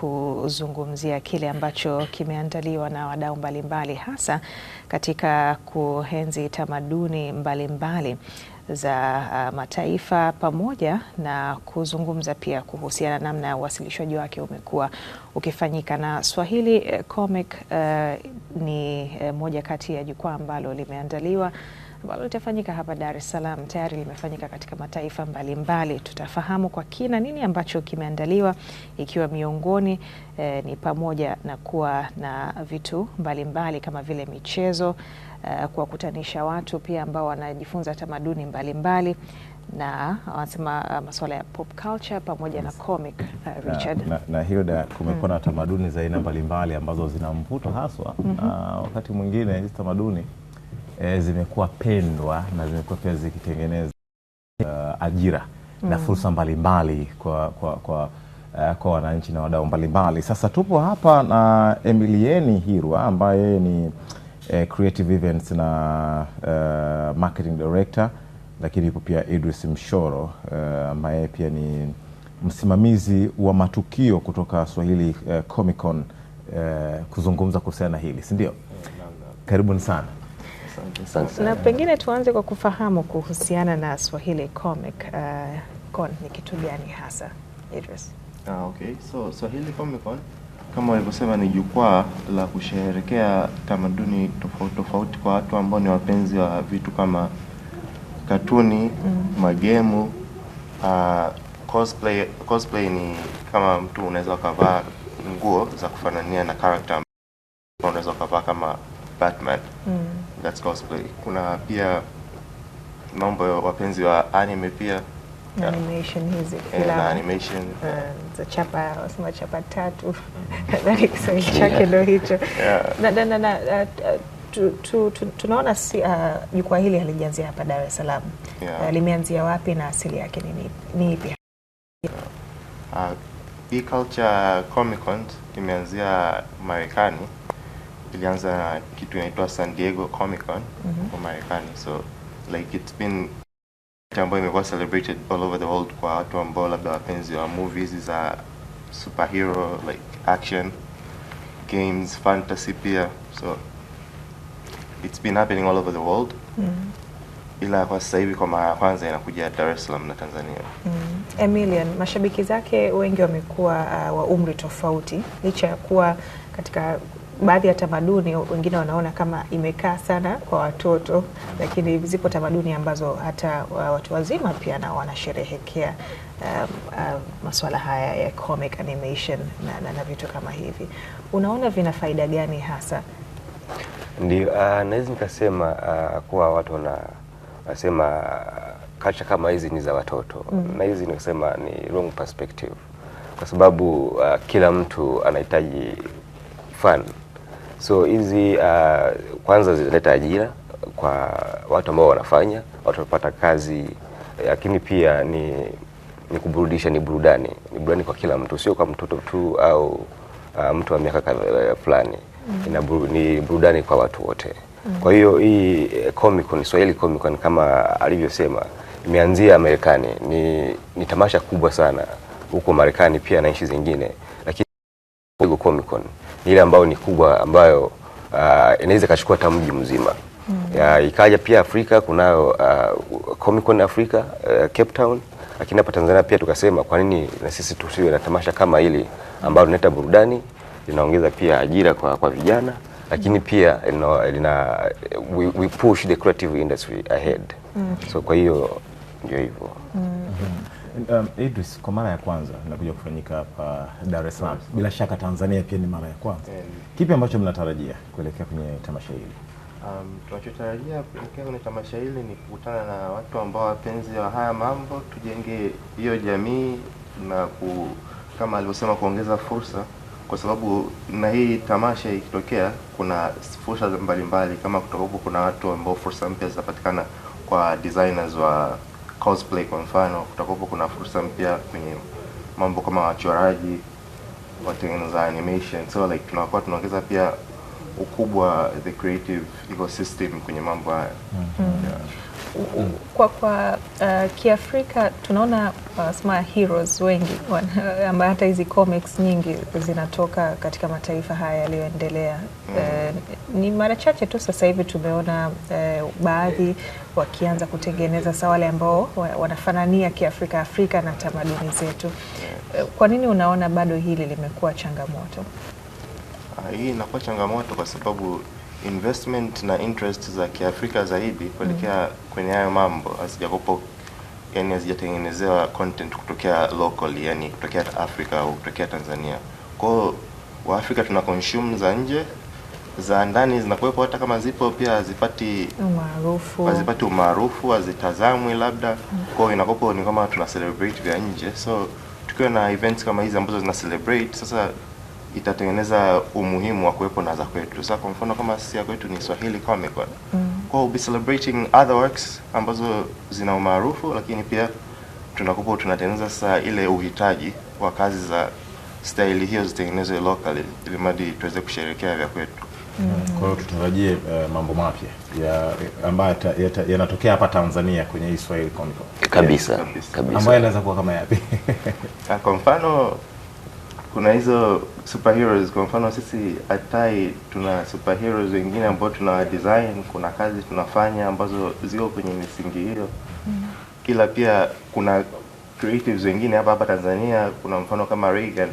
kuzungumzia kile ambacho kimeandaliwa na wadau mbalimbali hasa katika kuenzi tamaduni mbalimbali za uh, mataifa pamoja na kuzungumza pia kuhusiana namna ya uwasilishwaji wake umekuwa ukifanyika. Na Swahili eh, Comic uh, ni eh, moja kati ya jukwaa ambalo limeandaliwa ambalo litafanyika hapa Dar es Salaam tayari limefanyika katika mataifa mbalimbali mbali. Tutafahamu kwa kina nini ambacho kimeandaliwa ikiwa miongoni eh, ni pamoja na kuwa na vitu mbalimbali mbali kama vile michezo eh, kuwakutanisha watu pia ambao wanajifunza tamaduni mbalimbali mbali na wanasema eh, masuala ya pop culture pamoja na comic uh, Richard. Na, na, na Hilda, kumekuwa na mm. tamaduni za aina mbalimbali ambazo zina mvuto haswa, mm -hmm. na wakati mwingine hizi tamaduni e, zimekuwa pendwa na zimekuwa pia zikitengeneza uh, ajira mm. na fursa mbalimbali kwa, kwa, kwa, uh, kwa wananchi na wadau mbalimbali. Sasa tupo hapa na Emilieni Hirwa ambaye yeye ni eh, creative events na uh, marketing director, lakini yupo pia Idris Mshoro ambaye uh, pia ni msimamizi wa matukio kutoka Swahili uh, Comic Con uh, kuzungumza kuhusiana na hili, si ndio? Karibuni sana. Na pengine tuanze kwa kufahamu kuhusiana na Swahili Comic uh, Con ni kitu gani hasa Idris? Ah, okay. So Swahili Comic Con kama walivyosema ni jukwaa la kusherehekea tamaduni tofauti tofauti kwa watu ambao ni wapenzi wa vitu kama katuni, mm. magemu, uh, cosplay. Cosplay ni kama mtu unaweza ukavaa nguo za kufanania na character unaweza ukavaa kama Batman mm that's cosplay. Kuna pia mambo ya wapenzi wa anime pia animation hizi filamu animation uh, za chapa wasema chapa tatu mm. nadhani Kiswahili chake ndio hicho na na na uh, tu, tu, tu, tunaona si uh, jukwaa hili halijaanzia hapa Dar es Salaam yeah. Uh, limeanzia wapi na asili yake ni, ni ipi? Uh, Culture Comic Con imeanzia Marekani ilianza kitu inaitwa San Diego Comic Con mm -hmm. kwa Marekani, so like it's been ambayo imekuwa celebrated all over the world kwa watu ambao labda wapenzi wa movies za superhero like action games, fantasy pia, so it's been happening all over the world mm -hmm ila kwa sasa hivi kwa mara ya kwanza inakuja Dar es Salaam na Tanzania. Mm. Emilian, mashabiki zake wengi wamekuwa uh, wa umri tofauti licha ya kuwa katika baadhi ya tamaduni wengine wanaona kama imekaa sana kwa watoto, lakini zipo tamaduni ambazo hata uh, watu wazima pia nao wanasherehekea um, um, uh, masuala haya ya comic animation na, na, na vitu kama hivi. Unaona vina faida gani hasa? Ndio, uh, naweza nikasema uh, kuwa watu wanasema kacha uh, kama hizi ni za watoto mm. na hizi nikasema ni wrong perspective, kwa sababu uh, kila mtu anahitaji fun So hizi uh, kwanza zinaleta ajira kwa watu ambao wanafanya, watu wanapata kazi, lakini pia ni ni kuburudisha, ni burudani, ni burudani kwa kila mtu, sio kwa mtoto tu au uh, mtu wa miaka uh, fulani mm. Buru, ni burudani kwa watu wote mm. Kwa hiyo hii eh, Comic Con, Swahili Comic Con kama alivyosema imeanzia Marekani, ni, ni tamasha kubwa sana huko Marekani pia na nchi zingine, lakini Comic Con ile ambayo ni kubwa ambayo uh, inaweza ikachukua hata mji mzima mm. Ikaja pia Afrika kunayo uh, Comic Con Africa uh, Cape Town, lakini hapa Tanzania pia tukasema kwa nini na sisi tusiwe na tamasha kama hili ambalo linaleta burudani, linaongeza pia ajira kwa, kwa vijana lakini pia you know, lina, we, we push the creative industry ahead mm. So kwa hiyo ndio hivyo mm -hmm. Um, Idris, kwa mara ya kwanza nakuja kufanyika hapa Dar es Salaam, bila shaka Tanzania pia ni mara ya kwanza. Eh, Kipi ambacho mnatarajia kuelekea kwenye tamasha hili? Um, tunachotarajia kuelekea kwenye tamasha hili ni kukutana na watu ambao wapenzi wa haya mambo, tujenge hiyo jamii na ku, kama alivyosema kuongeza fursa, kwa sababu na hii tamasha ikitokea, kuna fursa mbalimbali mbali, kama kutoka huko kuna watu ambao fursa mpya zinapatikana kwa designers wa cosplay kwa mfano, kutakopo kuna fursa mpya kwenye mambo kama wachoraji, watengeneza animation, so like tunakuwa tunaongeza pia ukubwa the creative ecosystem kwenye mambo haya mm -hmm. yeah kwa, kwa uh, Kiafrika tunaona wasema uh, heroes wengi ambayo hata hizi comics nyingi zinatoka katika mataifa haya yaliyoendelea. mm. Uh, ni mara chache tu sasa hivi tumeona uh, baadhi wakianza kutengeneza sa wale ambao wanafanania Kiafrika Afrika na tamaduni zetu. Uh, kwa nini unaona bado hili limekuwa changamoto? Ha, ah, hii inakuwa changamoto kwa sababu investment na interest za Kiafrika zaidi kuelekea mm -hmm. kwenye hayo mambo hazijakopo, yani hazijatengenezewa content kutokea locally, yani kutokea Afrika au kutokea Tanzania. Kwa hiyo Waafrika tuna consume za nje za ndani zinakuwepo, hata kama zipo pia hazipati umaarufu, hazipati umaarufu, hazitazamwi labda. Mm. Kwa hiyo inakopo ni kama tuna celebrate vya nje, so tukiwa na events kama hizi ambazo zina celebrate sasa itatengeneza umuhimu wa kuwepo na za kwetu. Sasa kwa mfano kama sisi ya kwetu ni Swahili Comic Con. Mm. Kwa hiyo be celebrating other works ambazo zina umaarufu lakini pia tunakupo tunatengeneza sasa ile uhitaji wa kazi za staili hiyo zitengenezwe locally ili madi tuweze kusherehekea vya kwetu. Mm. Kwa hiyo tutarajie uh, mambo mapya ya ambayo yanatokea hapa Tanzania kwenye hii Swahili Comic Con. Kabisa. Yes, kabisa. Ambayo inaweza kuwa kama yapi? Ah, kwa mfano kuna hizo superheroes. Kwa mfano sisi atai tuna superheroes wengine ambao tuna design, kuna kazi tunafanya ambazo ziko kwenye misingi hiyo mm. kila pia kuna creatives wengine hapa hapa Tanzania. Kuna mfano kama Reagan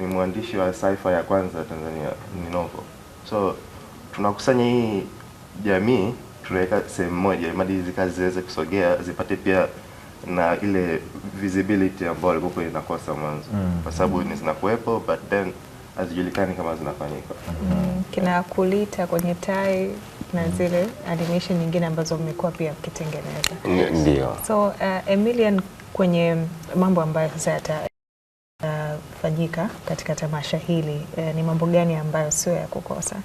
ni mwandishi wa sci-fi ya kwanza Tanzania, ni novel. So tunakusanya hii jamii tunaweka sehemu moja, ili hizi kazi ziweze kusogea, zipate pia na ile visibility ambayo ilikuwa inakosa mwanzo mm. kwa sababu ni zinakuwepo but then hazijulikani kama zinafanyika mm. mm. kina kulita kwenye tai na zile animation nyingine ambazo mmekuwa pia mkitengeneza ndio. So uh, Emilian, kwenye mambo ambayo sasa yanafanyika katika tamasha hili e, ni mambo gani ambayo sio ya kukosa?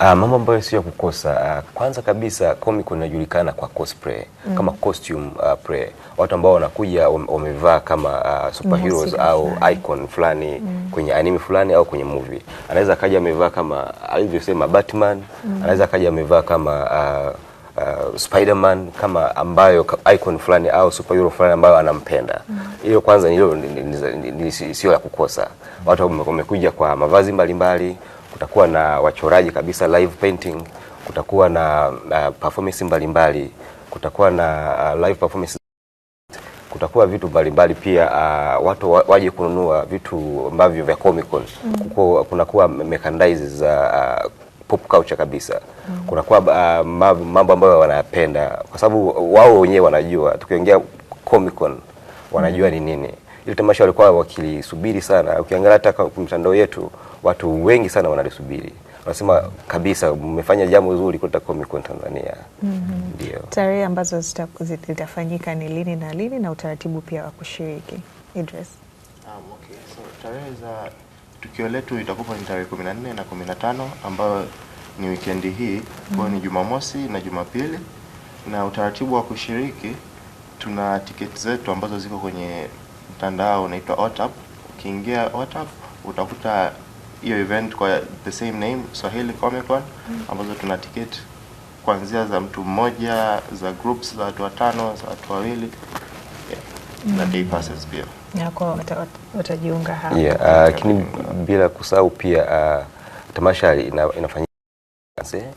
Uh, mambo ambayo sio ya kukosa, ah, kwanza kabisa Comic inajulikana kwa cosplay mm. kama costume uh, play, watu ambao wanakuja wamevaa kama uh, superheroes au icon fulani mm. kwenye anime fulani au kwenye movie. Anaweza akaja amevaa kama alivyosema Batman mm. anaweza akaja amevaa kama uh, uh, Spiderman kama ambayo icon fulani au superhero fulani ambayo anampenda mm. hiyo. mm. Kwanza hilo sio la kukosa. Watu wamekuja kwa mavazi mbalimbali mbali, kutakuwa na wachoraji kabisa live painting, kutakuwa na uh, performance mbalimbali mbali, kutakuwa na uh, live performance kutakuwa vitu mbalimbali pia. Uh, watu waje kununua vitu ambavyo vya Comic Con mm. kunakuwa merchandise za uh, pop culture kabisa mm. kuna kwa ah, uh, mambo ambayo wanayapenda kwa sababu wao wenyewe wanajua, tukiongea Comic Con wanajua mm. ni nini ile tamasha, walikuwa wakilisubiri sana. Ukiangalia hata kwa mtandao yetu watu wengi sana wanalisubiri, wanasema kabisa mmefanya jambo zuri kuleta Comic Con Tanzania. mm -hmm. tarehe ambazo zitafanyika ni lini na lini na utaratibu pia wa kushiriki Idris? Um, okay. so, tukio letu itakuwa ni tarehe 14 na 15 ambayo ni wikendi hii mm. Kwa ni Jumamosi na Jumapili, na utaratibu wa kushiriki, tuna tiketi zetu ambazo ziko kwenye mtandao unaitwa OTAP. Ukiingia OTAP utakuta hiyo event kwa the same name Swahili Comic Con mm. ambazo tuna tiketi kuanzia za mtu mmoja, za groups za watu watano, za watu wawili yeah. mm. na day passes pia watajiunga Yeah, uh, lakini uh, bila kusahau pia uh, tamasha ina, inafanyika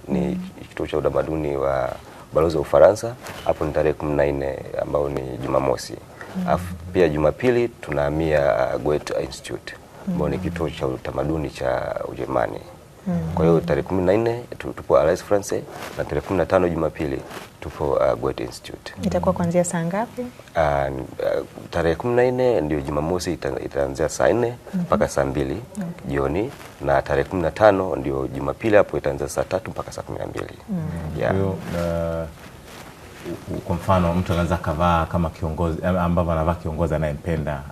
ni mm-hmm. kituo cha utamaduni wa balozi wa Ufaransa. Hapo ni tarehe kumi na nne ambao ni Jumamosi. mm Pia Jumapili tunahamia uh, Goethe Institute ambao mm ni mm-hmm. kituo cha utamaduni cha Ujerumani. Mm Kwa hiyo tarehe kumi na nne tupo Alliance France na tarehe kumi na tano Jumapili Tufo uh, Goethe Institute. Itakuwa kuanzia saa ngapi? Uh, uh, tarehe kumi na nne ndio Jumamosi itaanzia saa nne mhm. mpaka saa mbili okay. jioni na tarehe kumi na tano ndio Jumapili hapo itaanzia saa tatu mpaka saa kumi na mbili mm. kwa mfano mtu anaweza kavaa kama kiongozi ambavyo anavaa kiongozi anayempenda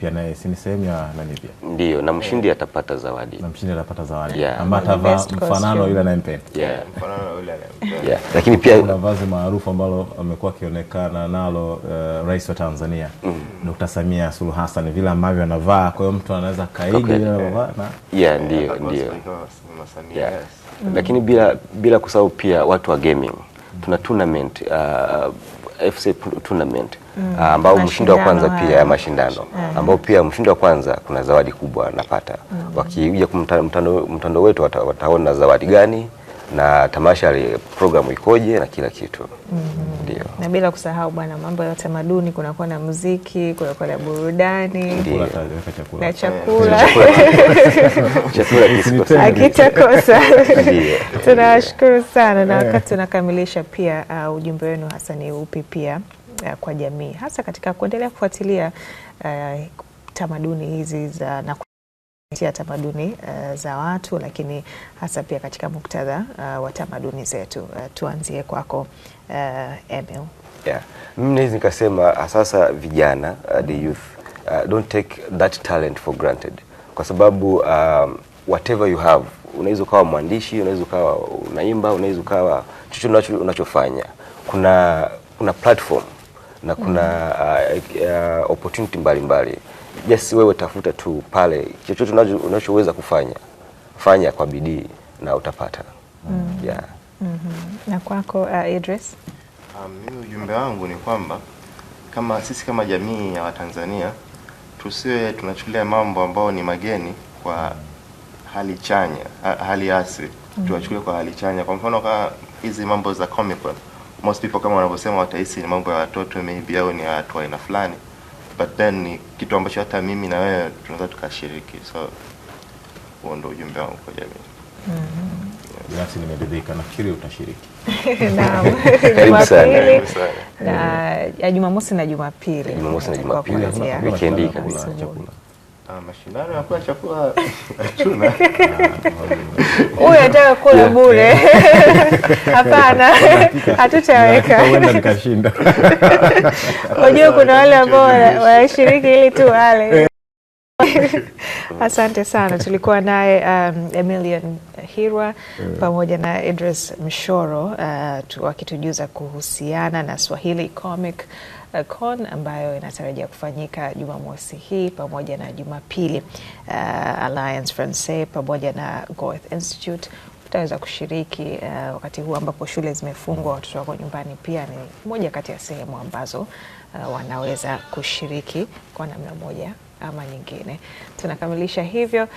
pia naye si ni sehemu ya nani pia ndio, na mshindi yeah. atapata zawadi, na mshindi atapata zawadi yeah, ambaye atavaa mfanano yule anayempenda yeah, mfanano yule anayempenda yeah. Lakini pia kuna vazi maarufu ambalo amekuwa akionekana nalo uh, rais wa Tanzania mm. Dr. Samia Suluhu Hassan vile ambavyo anavaa, kwa hiyo mtu anaweza kaidi okay, yeah. anavaa na yeah, ndio ndio yeah. mm. Lakini bila bila kusahau pia watu wa gaming mm. tuna tournament uh, uh FC tournament mm, ah, ambao mshindi wa kwanza pia ya mashindano mm, ambao pia mshindi wa kwanza kuna zawadi kubwa anapata mm. Wakija mtandao wetu wata, wataona zawadi gani na tamasha ile programu ikoje na kila kitu mm -hmm. na bila kusahau bwana, mambo ya utamaduni, kunakuwa na muziki, kunakuwa na burudani na chakula, chakula akitakosa. Tunawashukuru sana na wakati tunakamilisha pia, uh, ujumbe wenu hasa ni upi pia uh, kwa jamii hasa katika kuendelea kufuatilia uh, tamaduni hizi za na kutia tamaduni uh, za watu, lakini hasa pia katika muktadha uh, wa tamaduni zetu uh, tuanzie kwako uh, Emil. Yeah. Mimi naweza nikasema ah, sasa vijana uh, the youth uh, don't take that talent for granted kwa sababu um, whatever you have unaweza ukawa mwandishi, unaweza ukawa unaimba, unaweza ukawa chochote unachofanya, kuna kuna platform na kuna uh, uh, opportunity mbalimbali just wewe tafuta tu pale chochote unachoweza kufanya fanya kwa bidii na utapata. mm. yeah. mm -hmm. na kwako uh, Idris? Um, mimi um, ujumbe wangu ni kwamba kama sisi kama jamii ya Watanzania tusiwe tunachukulia mambo ambayo ni mageni kwa hali chanya, hali asi mm -hmm. tuwachukulie kwa hali chanya. Kwa mfano kama hizi mambo za Comic Con most people kama wanavyosema watahisi ni mambo ya watoto maybe au ni watu aina fulani, but then ni kitu ambacho hata mimi na wewe tunaweza tukashiriki. So huo ndio ujumbe wangu kwa jamii. Mm-hmm. Binafsi nimeridhika, nafikiri utashiriki na Jumamosi na Jumapili, Jumamosi na Jumapili, chakula Ah, mashindano ya kula chakula hatuna. Ah, Huyu anataka kula bure. Hapana, hatutaweka. Huenda nikashinda. Unajua kuna wale ambao wanashiriki ili tu wale. Asante sana. Tulikuwa naye um, Emilian Hirwa pamoja na Idris Mshoro uh, wakitujuza kuhusiana na Swahili Comic CON ambayo inatarajia kufanyika Jumamosi hii pamoja na Jumapili. Uh, Alliance Francaise pamoja na Goethe Institute utaweza kushiriki uh, wakati huu ambapo shule zimefungwa, watoto wako nyumbani, pia ni moja kati ya sehemu ambazo uh, wanaweza kushiriki kwa namna moja ama nyingine. Tunakamilisha hivyo